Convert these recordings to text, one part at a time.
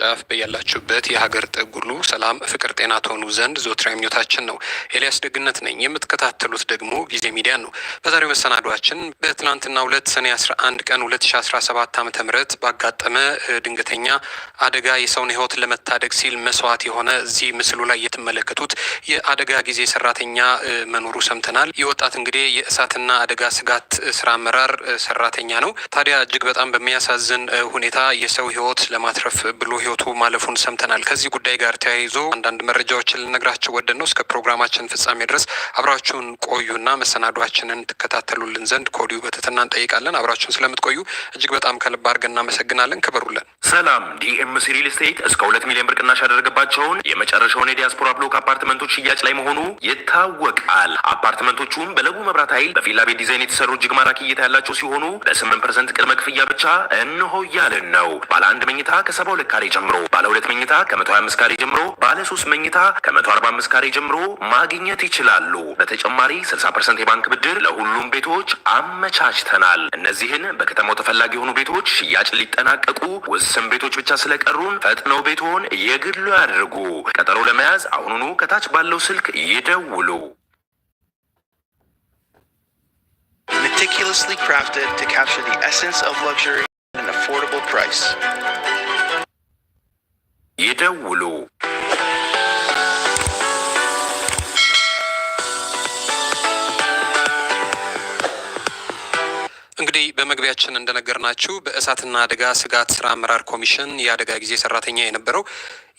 ቅርንጫፍ በያላችሁበት የሀገር ጥግ ሁሉ ሰላም፣ ፍቅር፣ ጤና ትሆኑ ዘንድ ዞትሪያ ምኞታችን ነው። ኤልያስ ደግነት ነኝ። የምትከታተሉት ደግሞ ጊዜ ሚዲያ ነው። በዛሬው መሰናዷችን በትናንትናው ሁለት ሰኔ 11 ቀን 2017 ዓ ም ባጋጠመ ድንገተኛ አደጋ የሰውን ህይወት ለመታደግ ሲል መስዋዕት የሆነ እዚህ ምስሉ ላይ የተመለከቱት የአደጋ ጊዜ ሰራተኛ መኖሩ ሰምተናል። ይህ ወጣት እንግዲህ የእሳትና አደጋ ስጋት ስራ አመራር ሰራተኛ ነው። ታዲያ እጅግ በጣም በሚያሳዝን ሁኔታ የሰው ህይወት ለማትረፍ ብሎ ህይወቱ ማለፉን ሰምተናል። ከዚህ ጉዳይ ጋር ተያይዞ አንዳንድ መረጃዎችን ልነግራቸው ወደን ነው። እስከ ፕሮግራማችን ፍጻሜ ድረስ አብራችሁን ቆዩና መሰናዷችንን ትከታተሉልን ዘንድ ከወዲሁ በትህትና እንጠይቃለን። አብራችሁን ስለምትቆዩ እጅግ በጣም ከልብ አድርገን እናመሰግናለን። ክበሩልን። ሰላም። ዲኤምሲ ሪል ስቴት እስከ ሁለት ሚሊዮን ብር ቅናሽ ያደረገባቸውን የመጨረሻውን የዲያስፖራ ብሎክ አፓርትመንቶች ሽያጭ ላይ መሆኑ ይታወቃል። አፓርትመንቶቹም በለቡ መብራት ኃይል በፊላ ቤት ዲዛይን የተሰሩ እጅግ ማራኪ እይታ ያላቸው ሲሆኑ በስምንት ፐርሰንት ቅድመ ክፍያ ብቻ እንሆ እያልን ነው። ባለ አንድ መኝታ ከሰባ ሁለት ካሬ ጀምሮ ባለ ሁለት መኝታ ከ125 ካሬ ጀምሮ ባለ ሶስት መኝታ ከ145 ካሬ ጀምሮ ማግኘት ይችላሉ። በተጨማሪ 60 ፐርሰንት የባንክ ብድር ለሁሉም ቤቶች አመቻችተናል። እነዚህን በከተማው ተፈላጊ የሆኑ ቤቶች ሽያጭ ሊጠናቀቁ ውስን ቤቶች ብቻ ስለቀሩን ፈጥነው ቤትዎን የግሉ ያድርጉ። ቀጠሮ ለመያዝ አሁኑኑ ከታች ባለው ስልክ ይደውሉ። Meticulously crafted to capture the essence of luxury at an affordable price. ይደውሉ። እንግዲህ በመግቢያችን እንደነገርናችሁ በእሳትና አደጋ ስጋት ስራ አመራር ኮሚሽን የአደጋ ጊዜ ሰራተኛ የነበረው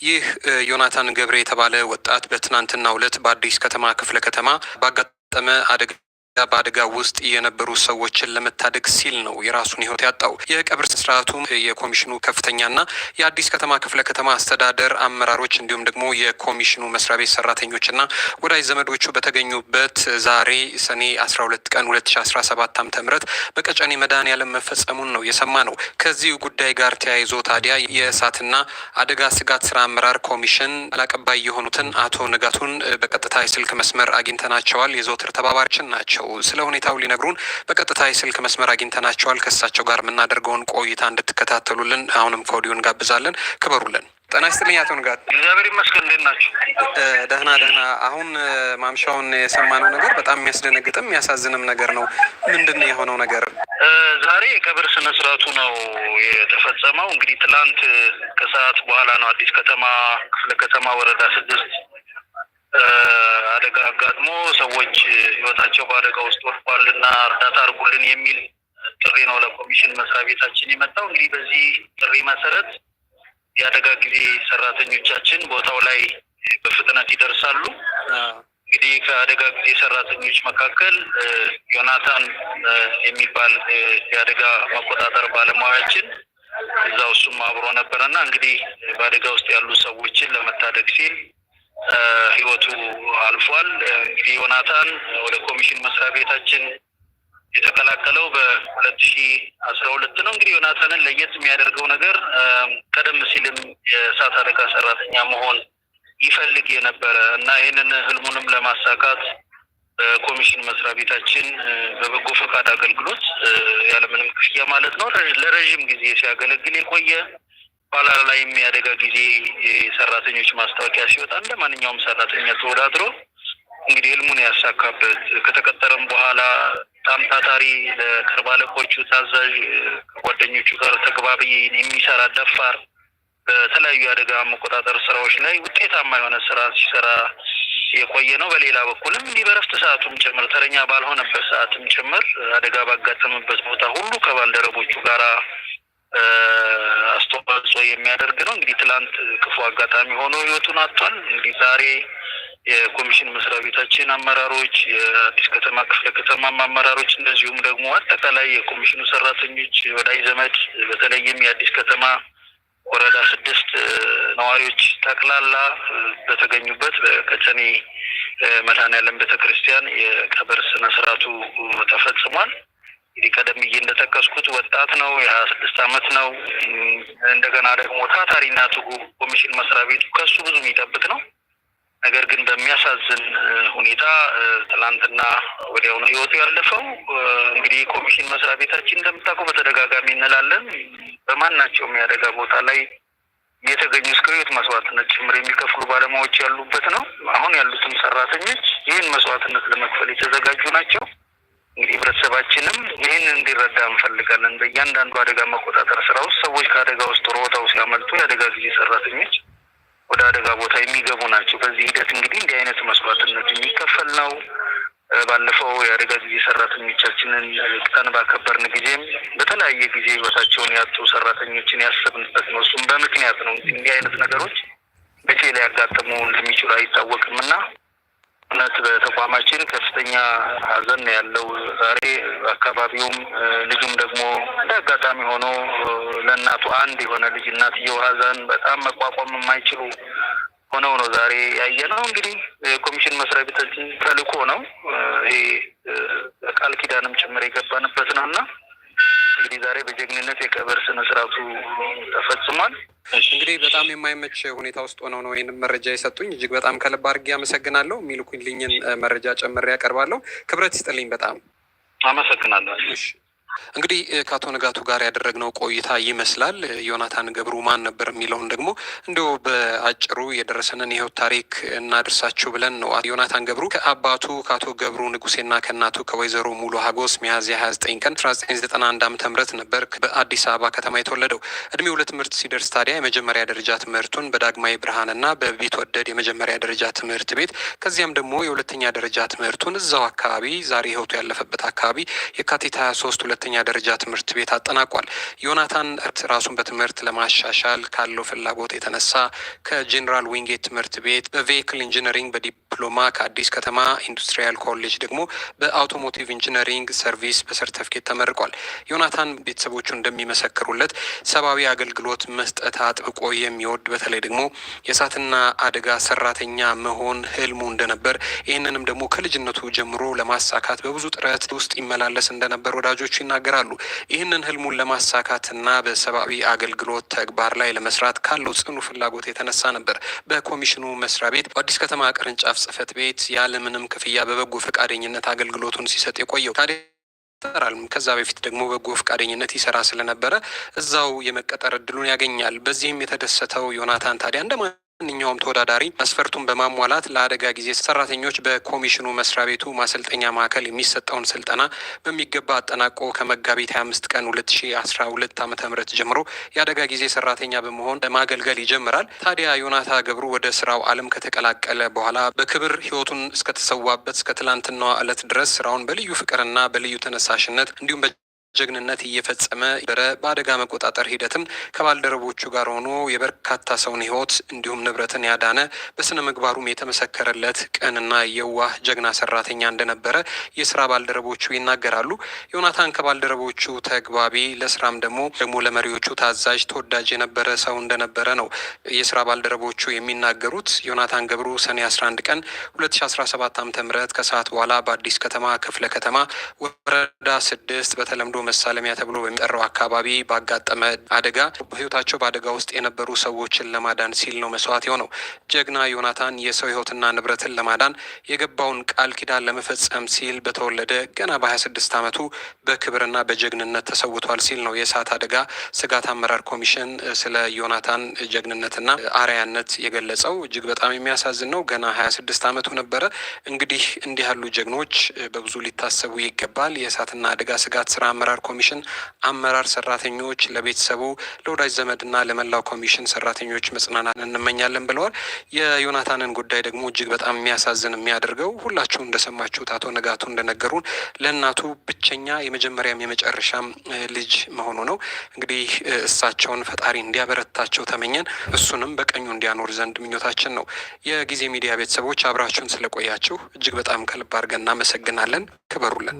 ይህ ዮናታን ገብሬ የተባለ ወጣት በትናንትናው ዕለት በአዲስ ከተማ ክፍለ ከተማ ባጋጠመ አደጋ በአደጋ ውስጥ የነበሩ ሰዎችን ለመታደግ ሲል ነው የራሱን ህይወት ያጣው። የቀብር ስነስርዓቱም የኮሚሽኑ ከፍተኛና የአዲስ ከተማ ክፍለ ከተማ አስተዳደር አመራሮች እንዲሁም ደግሞ የኮሚሽኑ መስሪያ ቤት ሰራተኞችና ወዳጅ ዘመዶቹ በተገኙበት ዛሬ ሰኔ 12 ቀን 2017 ዓ.ም በቀጨኔ መድኃኔዓለም መፈጸሙን ነው የሰማ ነው። ከዚህ ጉዳይ ጋር ተያይዞ ታዲያ የእሳትና አደጋ ስጋት ስራ አመራር ኮሚሽን አላቀባይ የሆኑትን አቶ ንጋቱን በቀጥታ የስልክ መስመር አግኝተናቸዋል። የዘወትር ተባባሪችን ናቸው። ስለ ሁኔታው ሊነግሩን በቀጥታ የስልክ መስመር አግኝተናቸዋል። ከእሳቸው ጋር የምናደርገውን ቆይታ እንድትከታተሉልን አሁንም ከወዲሁ እንጋብዛለን። ክበሩልን። ጤና ይስጥልኝ አቶ ንጋት። እግዚአብሔር ይመስገን። እንዴት ናቸው? ደህና ደህና። አሁን ማምሻውን የሰማነው ነገር በጣም የሚያስደነግጥም የሚያሳዝንም ነገር ነው። ምንድን የሆነው ነገር? ዛሬ የቀብር ስነስርዓቱ ነው የተፈጸመው። እንግዲህ ትላንት ከሰዓት በኋላ ነው አዲስ ከተማ ክፍለ ከተማ ወረዳ ስድስት አደጋ አጋጥሞ ሰዎች ህይወታቸው በአደጋ ውስጥ እና እርዳታ አድርጉልን የሚል ጥሪ ነው ለኮሚሽን መስሪያ ቤታችን የመጣው። እንግዲህ በዚህ ጥሪ መሰረት የአደጋ ጊዜ ሰራተኞቻችን ቦታው ላይ በፍጥነት ይደርሳሉ። እንግዲህ ከአደጋ ጊዜ ሰራተኞች መካከል ዮናታን የሚባል የአደጋ መቆጣጠር ባለሙያችን እዛው እሱም አብሮ ነበረና እንግዲህ በአደጋ ውስጥ ያሉ ሰዎችን ለመታደግ ሲል ህይወቱ አልፏል። እንግዲህ ዮናታን ወደ ኮሚሽን መስሪያ ቤታችን የተቀላቀለው በሁለት ሺ አስራ ሁለት ነው። እንግዲህ ዮናታንን ለየት የሚያደርገው ነገር ቀደም ሲልም የእሳት አደጋ ሰራተኛ መሆን ይፈልግ የነበረ እና ይህንን ህልሙንም ለማሳካት በኮሚሽን መስሪያ ቤታችን በበጎ ፈቃድ አገልግሎት ያለምንም ክፍያ ማለት ነው ለረዥም ጊዜ ሲያገለግል የቆየ በኋላ ላይ የሚያደጋ ጊዜ ሰራተኞች ማስታወቂያ ሲወጣ እንደ ማንኛውም ሰራተኛ ተወዳድሮ እንግዲህ ህልሙን ያሳካበት ከተቀጠረም በኋላ በጣም ታታሪ ለቅርብ አለቆቹ ታዛዥ፣ ከጓደኞቹ ጋር ተግባቢ የሚሰራ ደፋር፣ በተለያዩ አደጋ መቆጣጠር ስራዎች ላይ ውጤታማ የሆነ ስራ ሲሰራ የቆየ ነው። በሌላ በኩልም እንዲህ በረፍት ሰዓቱም ጭምር ተረኛ ባልሆነበት ሰዓትም ጭምር አደጋ ባጋጠምበት ቦታ ሁሉ ከባልደረቦቹ ጋራ አስተዋጽኦ የሚያደርግ ነው። እንግዲህ ትላንት ክፉ አጋጣሚ ሆኖ ህይወቱን አጥቷል። እንግዲህ ዛሬ የኮሚሽን መስሪያ ቤታችን አመራሮች፣ የአዲስ ከተማ ክፍለ ከተማ አመራሮች እንደዚሁም ደግሞ አጠቃላይ የኮሚሽኑ ሰራተኞች፣ ወዳጅ ዘመድ በተለይም የአዲስ ከተማ ወረዳ ስድስት ነዋሪዎች ጠቅላላ በተገኙበት በቀጨኔ መድኃኔዓለም ቤተክርስቲያን የቀብር ስነስርዓቱ ተፈጽሟል። እንግዲህ ቀደም ብዬ እንደጠቀስኩት ወጣት ነው። የሀያ ስድስት አመት ነው። እንደገና ደግሞ ታታሪና ትጉ ኮሚሽን መስሪያ ቤቱ ከሱ ብዙ የሚጠብቅ ነው። ነገር ግን በሚያሳዝን ሁኔታ ትናንትና ወዲያውኑ ህይወቱ ያለፈው እንግዲህ ኮሚሽን መስሪያ ቤታችን እንደምታውቀው በተደጋጋሚ እንላለን በማናቸውም የአደጋ ቦታ ላይ የተገኙ እስከ ህይወት መስዋዕትነት ጭምር የሚከፍሉ ባለሙያዎች ያሉበት ነው። አሁን ያሉትም ሰራተኞች ይህን መስዋዕትነት ለመክፈል የተዘጋጁ ናቸው። እንግዲህ ህብረተሰባችንም ይህን እንዲረዳ እንፈልጋለን። በእያንዳንዱ አደጋ መቆጣጠር ስራ ውስጥ ሰዎች ከአደጋ ውስጥ ሮጠው ሲያመልጡ የአደጋ ጊዜ ሰራተኞች ወደ አደጋ ቦታ የሚገቡ ናቸው። በዚህ ሂደት እንግዲህ እንዲህ አይነት መስዋዕትነት የሚከፈል ነው። ባለፈው የአደጋ ጊዜ ሰራተኞቻችንን ቀን ባከበርን ጊዜም በተለያየ ጊዜ ህይወታቸውን ያጡ ሰራተኞችን ያሰብንበት ነው። እሱም በምክንያት ነው። እንዲህ አይነት ነገሮች መቼ ሊያጋጥሙ እንደሚችሉ አይታወቅም እና እውነት በተቋማችን ከፍተኛ ሐዘን ያለው ዛሬ አካባቢውም ልጁም ደግሞ እንደ አጋጣሚ ሆኖ ለእናቱ አንድ የሆነ ልጅ እናትየው ሐዘን በጣም መቋቋም የማይችሉ ሆነው ነው ዛሬ ያየ ነው። እንግዲህ የኮሚሽን መስሪያ ቤታችን ተልእኮ ነው ይሄ ቃል ኪዳንም ጭምር የገባንበት ነው እና እንግዲህ ዛሬ በጀግንነት የቀብር ስነስርዓቱ ተፈጽሟል። እንግዲህ በጣም የማይመች ሁኔታ ውስጥ ሆነው ነው ይህንም መረጃ የሰጡኝ። እጅግ በጣም ከልብ አድርጌ አመሰግናለሁ። የሚልኩልኝን መረጃ ጨምሬ ያቀርባለሁ። ክብረት ይስጥልኝ። በጣም አመሰግናለሁ። እንግዲህ ከአቶ ንጋቱ ጋር ያደረግነው ቆይታ ይመስላል። ዮናታን ገብሩ ማን ነበር የሚለውን ደግሞ እንዲሁ በአጭሩ የደረሰንን የህይወት ታሪክ እናድርሳችሁ ብለን ነው። ዮናታን ገብሩ ከአባቱ ከአቶ ገብሩ ንጉሴና ከእናቱ ከወይዘሮ ሙሉ ሀጎስ ሚያዝያ 29 ቀን 1991 ዓ ም ነበር በአዲስ አበባ ከተማ የተወለደው። እድሜው ለትምህርት ሲደርስ ታዲያ የመጀመሪያ ደረጃ ትምህርቱን በዳግማዊ ብርሃንና ወደድ የመጀመሪያ ደረጃ ትምህርት ቤት ከዚያም ደግሞ የሁለተኛ ደረጃ ትምህርቱን እዛው አካባቢ ዛሬ ህይወቱ ያለፈበት አካባቢ የካቲት 23 ሁለተኛ ደረጃ ትምህርት ቤት አጠናቋል። ዮናታን ራሱን በትምህርት ለማሻሻል ካለው ፍላጎት የተነሳ ከጄኔራል ዊንጌት ትምህርት ቤት በቬክል ኢንጂነሪንግ በዲ ዲፕሎማ ከአዲስ ከተማ ኢንዱስትሪያል ኮሌጅ ደግሞ በአውቶሞቲቭ ኢንጂነሪንግ ሰርቪስ በሰርተፍኬት ተመርቋል። ዮናታን ቤተሰቦቹ እንደሚመሰክሩለት ሰብአዊ አገልግሎት መስጠት አጥብቆ የሚወድ በተለይ ደግሞ የእሳትና አደጋ ሰራተኛ መሆን ህልሙ እንደነበር ይህንንም ደግሞ ከልጅነቱ ጀምሮ ለማሳካት በብዙ ጥረት ውስጥ ይመላለስ እንደነበር ወዳጆቹ ይናገራሉ። ይህንን ህልሙን ለማሳካትና በሰብአዊ አገልግሎት ተግባር ላይ ለመስራት ካለው ጽኑ ፍላጎት የተነሳ ነበር በኮሚሽኑ መስሪያ ቤት በአዲስ ከተማ ቅርንጫፍ ጽህፈት ቤት ያለምንም ክፍያ በበጎ ፈቃደኝነት አገልግሎቱን ሲሰጥ የቆየው ታዲያ ከዛ በፊት ደግሞ በጎ ፈቃደኝነት ይሰራ ስለነበረ እዛው የመቀጠር እድሉን ያገኛል። በዚህም የተደሰተው ዮናታን ታዲያ እንደማ ማንኛውም ተወዳዳሪ መስፈርቱን በማሟላት ለአደጋ ጊዜ ሰራተኞች በኮሚሽኑ መስሪያ ቤቱ ማሰልጠኛ ማዕከል የሚሰጠውን ስልጠና በሚገባ አጠናቆ ከመጋቢት 25 ቀን 2012 ዓ ም ጀምሮ የአደጋ ጊዜ ሰራተኛ በመሆን ማገልገል ይጀምራል። ታዲያ ዮናታ ገብሩ ወደ ስራው ዓለም ከተቀላቀለ በኋላ በክብር ህይወቱን እስከተሰዋበት እስከ ትላንትናዋ ዕለት ድረስ ስራውን በልዩ ፍቅርና በልዩ ተነሳሽነት እንዲሁም ጀግንነት እየፈጸመ በረ በአደጋ መቆጣጠር ሂደትም ከባልደረቦቹ ጋር ሆኖ የበርካታ ሰውን ህይወት እንዲሁም ንብረትን ያዳነ በስነ ምግባሩም የተመሰከረለት ቀንና የዋህ ጀግና ሰራተኛ እንደነበረ የስራ ባልደረቦቹ ይናገራሉ። ዮናታን ከባልደረቦቹ ተግባቢ፣ ለስራም ደግሞ ደግሞ ለመሪዎቹ ታዛዥ፣ ተወዳጅ የነበረ ሰው እንደነበረ ነው የስራ ባልደረቦቹ የሚናገሩት። ዮናታን ገብሩ ሰኔ 11 ቀን 2017 ዓ.ም ከሰዓት በኋላ በአዲስ ከተማ ክፍለ ከተማ ወረዳ ስድስት በተለምዶ መሳለሚያ ተብሎ በሚጠራው አካባቢ ባጋጠመ አደጋ ህይወታቸው በአደጋ ውስጥ የነበሩ ሰዎችን ለማዳን ሲል ነው መስዋዕት የሆነው። ጀግና ዮናታን የሰው ህይወትና ንብረትን ለማዳን የገባውን ቃል ኪዳን ለመፈጸም ሲል በተወለደ ገና በ26 ዓመቱ በክብርና በጀግንነት ተሰውቷል ሲል ነው የእሳት አደጋ ስጋት አመራር ኮሚሽን ስለ ዮናታን ጀግንነትና አርያነት የገለጸው። እጅግ በጣም የሚያሳዝን ነው። ገና 26 ዓመቱ ነበረ። እንግዲህ እንዲህ ያሉ ጀግኖች በብዙ ሊታሰቡ ይገባል። የእሳትና አደጋ ስጋት ስራ አመራር አመራር ኮሚሽን አመራር ሰራተኞች ለቤተሰቡ ለወዳጅ ዘመድና ለመላው ኮሚሽን ሰራተኞች መጽናናት እንመኛለን ብለዋል። የዮናታንን ጉዳይ ደግሞ እጅግ በጣም የሚያሳዝን የሚያደርገው ሁላችሁ እንደሰማችሁት አቶ ነጋቱ እንደነገሩን ለእናቱ ብቸኛ የመጀመሪያም የመጨረሻም ልጅ መሆኑ ነው። እንግዲህ እሳቸውን ፈጣሪ እንዲያበረታቸው ተመኘን። እሱንም በቀኙ እንዲያኖር ዘንድ ምኞታችን ነው። የጊዜ ሚዲያ ቤተሰቦች አብራችሁን ስለቆያችሁ እጅግ በጣም ከልብ አድርገን እናመሰግናለን። ክበሩልን።